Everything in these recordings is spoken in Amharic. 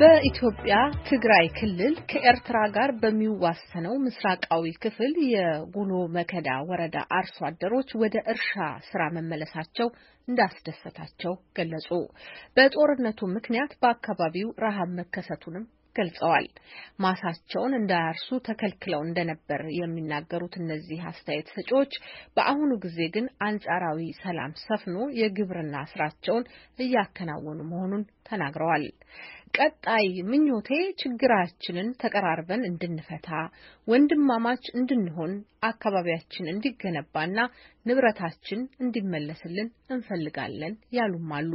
በኢትዮጵያ ትግራይ ክልል ከኤርትራ ጋር በሚዋሰነው ምስራቃዊ ክፍል የጉሎ መከዳ ወረዳ አርሶ አደሮች ወደ እርሻ ስራ መመለሳቸው እንዳስደሰታቸው ገለጹ። በጦርነቱ ምክንያት በአካባቢው ረሃብ መከሰቱንም ገልጸዋል። ማሳቸውን እንዳያርሱ ተከልክለው እንደነበር የሚናገሩት እነዚህ አስተያየት ሰጪዎች በአሁኑ ጊዜ ግን አንጻራዊ ሰላም ሰፍኖ የግብርና ስራቸውን እያከናወኑ መሆኑን ተናግረዋል። ቀጣይ ምኞቴ ችግራችንን ተቀራርበን እንድንፈታ፣ ወንድማማች እንድንሆን፣ አካባቢያችን እንዲገነባና ንብረታችን እንዲመለስልን እንፈልጋለን ያሉም አሉ።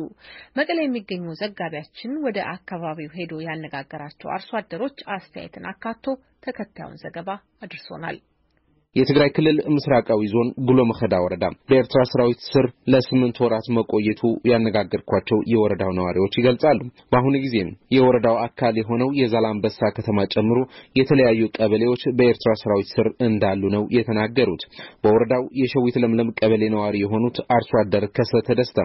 መቀሌ የሚገኘው ዘጋቢያችን ወደ አካባቢው ሄዶ ያነጋገራቸው አርሶ አደሮች አስተያየትን አካቶ ተከታዩን ዘገባ አድርሶናል። የትግራይ ክልል ምስራቃዊ ዞን ጉሎ መኸዳ ወረዳ በኤርትራ ሰራዊት ስር ለስምንት ወራት መቆየቱ ያነጋገርኳቸው የወረዳው ነዋሪዎች ይገልጻሉ። በአሁኑ ጊዜም የወረዳው አካል የሆነው የዛላንበሳ ከተማ ጨምሮ የተለያዩ ቀበሌዎች በኤርትራ ሰራዊት ስር እንዳሉ ነው የተናገሩት። በወረዳው የሸዊት ለምለም ቀበሌ ነዋሪ የሆኑት አርሶ አደር ከሰተ ደስታ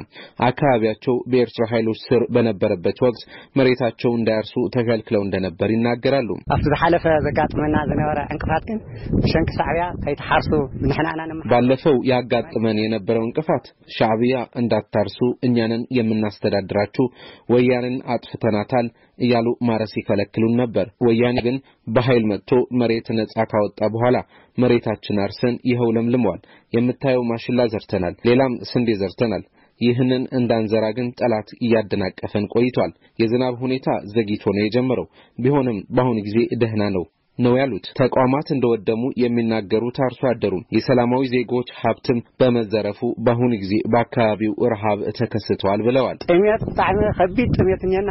አካባቢያቸው በኤርትራ ኃይሎች ስር በነበረበት ወቅት መሬታቸው እንዳያርሱ ተከልክለው እንደነበር ይናገራሉ። ኣብቲ ዝሓለፈ ዘጋጥመና ዝነበረ ዕንቅፋት ግን ብሸንኪ ሳዕብያ ከይትሓርሱ ንሕናና ባለፈው ያጋጥመን የነበረው እንቅፋት ሻዕብያ እንዳታርሱ እኛንን የምናስተዳድራችሁ ወያኔን አጥፍተናታል እያሉ ማረስ ይከለክሉን ነበር። ወያኔ ግን በኃይል መጥቶ መሬት ነጻ ካወጣ በኋላ መሬታችን አርሰን ይኸው ለምልመዋል። የምታየው ማሽላ ዘርተናል፣ ሌላም ስንዴ ዘርተናል። ይህንን እንዳንዘራ ግን ጠላት እያደናቀፈን ቆይቷል። የዝናብ ሁኔታ ዘግይቶ ነው የጀመረው። ቢሆንም በአሁኑ ጊዜ ደህና ነው። ነው ያሉት። ተቋማት እንደወደሙ የሚናገሩት አርሶ አደሩም የሰላማዊ ዜጎች ሀብትም በመዘረፉ በአሁኑ ጊዜ በአካባቢው ረሃብ ተከስተዋል ብለዋል። ጥሜት ብጣዕሚ ከቢድ ጥሜት እኛና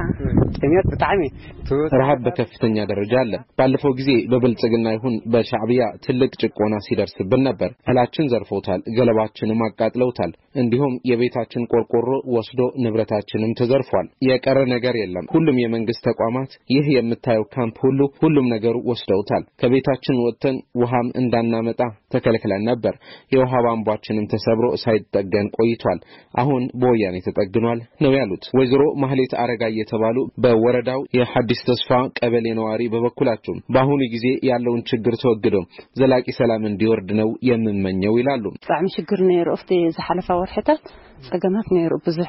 ጥሜት ብጣዕሚ ረሃብ በከፍተኛ ደረጃ አለ። ባለፈው ጊዜ በብልጽግና ይሁን በሻዕቢያ ትልቅ ጭቆና ሲደርስብን ነበር። እህላችን ዘርፎታል፣ ገለባችንም አቃጥለውታል። እንዲሁም የቤታችን ቆርቆሮ ወስዶ ንብረታችንም ተዘርፏል። የቀረ ነገር የለም። ሁሉም የመንግስት ተቋማት ይህ የምታየው ካምፕ ሁሉ ሁሉም ነገሩ ወስደው አድርገውታል። ከቤታችን ወጥተን ውሃም እንዳናመጣ ተከልክለን ነበር። የውሃ ቧንቧችንም ተሰብሮ ሳይጠገን ቆይቷል። አሁን በወያኔ ተጠግኗል ነው ያሉት። ወይዘሮ ማህሌት አረጋ እየተባሉ በወረዳው የሐዲስ ተስፋ ቀበሌ ነዋሪ በበኩላቸው በአሁኑ ጊዜ ያለውን ችግር ተወግዶ ዘላቂ ሰላም እንዲወርድ ነው የምመኘው ይላሉ። ብጣዕሚ ሽግር ነይሩ ዝሓለፋ ወርሕታት ጸገማት ነይሩ ብዙሕ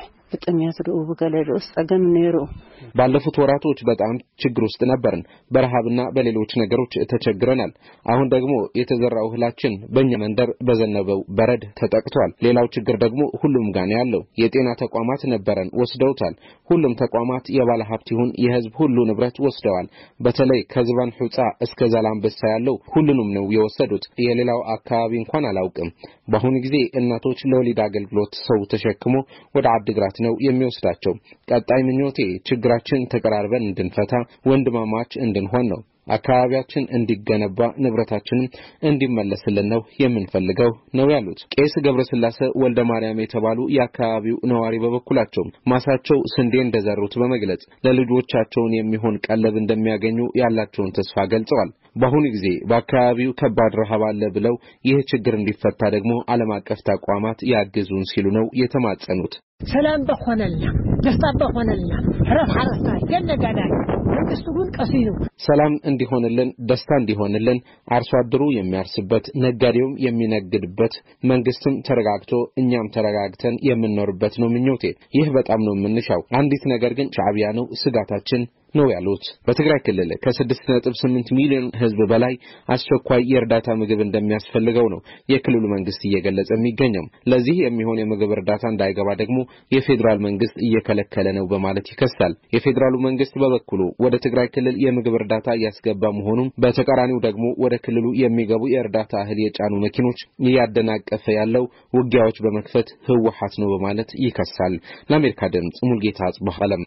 ባለፉት ወራቶች በጣም ችግር ውስጥ ነበርን። በረሃብና በሌሎች ነገሮች ተቸግረናል። አሁን ደግሞ የተዘራው እህላችን በእኛ መንደር በዘነበው በረድ ተጠቅቷል። ሌላው ችግር ደግሞ ሁሉም ጋር ያለው። የጤና ተቋማት ነበረን፣ ወስደውታል። ሁሉም ተቋማት የባለ ሀብት ይሁን የህዝብ ሁሉ ንብረት ወስደዋል። በተለይ ከዝባን ሑጻ እስከ ዛላምበሳ ያለው ሁሉንም ነው የወሰዱት። የሌላው አካባቢ እንኳን አላውቅም። በአሁኑ ጊዜ እናቶች ለወሊድ አገልግሎት ሰው ተሸክሞ ወደ አድግራት ወደሚሉበት ነው የሚወስዳቸው። ቀጣይ ምኞቴ ችግራችን ተቀራርበን እንድንፈታ ወንድማማች እንድንሆን ነው። አካባቢያችን እንዲገነባ ንብረታችንም እንዲመለስልን ነው የምንፈልገው ነው ያሉት። ቄስ ገብረስላሴ ወልደ ማርያም የተባሉ የአካባቢው ነዋሪ በበኩላቸው ማሳቸው ስንዴ እንደዘሩት በመግለጽ ለልጆቻቸውን የሚሆን ቀለብ እንደሚያገኙ ያላቸውን ተስፋ ገልጸዋል። በአሁኑ ጊዜ በአካባቢው ከባድ ረሃብ አለ ብለው ይህ ችግር እንዲፈታ ደግሞ ዓለም አቀፍ ተቋማት ያግዙን ሲሉ ነው የተማጸኑት። ሰላም በሆነልና ደስታ በሆነልና ረፍሐ ረስታ መንግሥቱ ግን ቀሲስ ነው። ሰላም እንዲሆንልን ደስታ እንዲሆንልን አርሶ አደሩ የሚያርስበት ነጋዴውም የሚነግድበት መንግሥትም ተረጋግቶ እኛም ተረጋግተን የምንኖርበት ነው ምኞቴ። ይህ በጣም ነው የምንሻው። አንዲት ነገር ግን ሻዕቢያ ነው ስጋታችን ነው ያሉት። በትግራይ ክልል ከ6.8 ሚሊዮን ህዝብ በላይ አስቸኳይ የእርዳታ ምግብ እንደሚያስፈልገው ነው የክልሉ መንግስት እየገለጸ የሚገኘው። ለዚህ የሚሆን የምግብ እርዳታ እንዳይገባ ደግሞ የፌዴራል መንግስት እየከለከለ ነው በማለት ይከሳል። የፌዴራሉ መንግስት በበኩሉ ወደ ትግራይ ክልል የምግብ እርዳታ እያስገባ መሆኑም፣ በተቃራኒው ደግሞ ወደ ክልሉ የሚገቡ የእርዳታ እህል የጫኑ መኪኖች እያደናቀፈ ያለው ውጊያዎች በመክፈት ህወሓት ነው በማለት ይከሳል። ለአሜሪካ ድምፅ ሙልጌታ አጽባህ አለም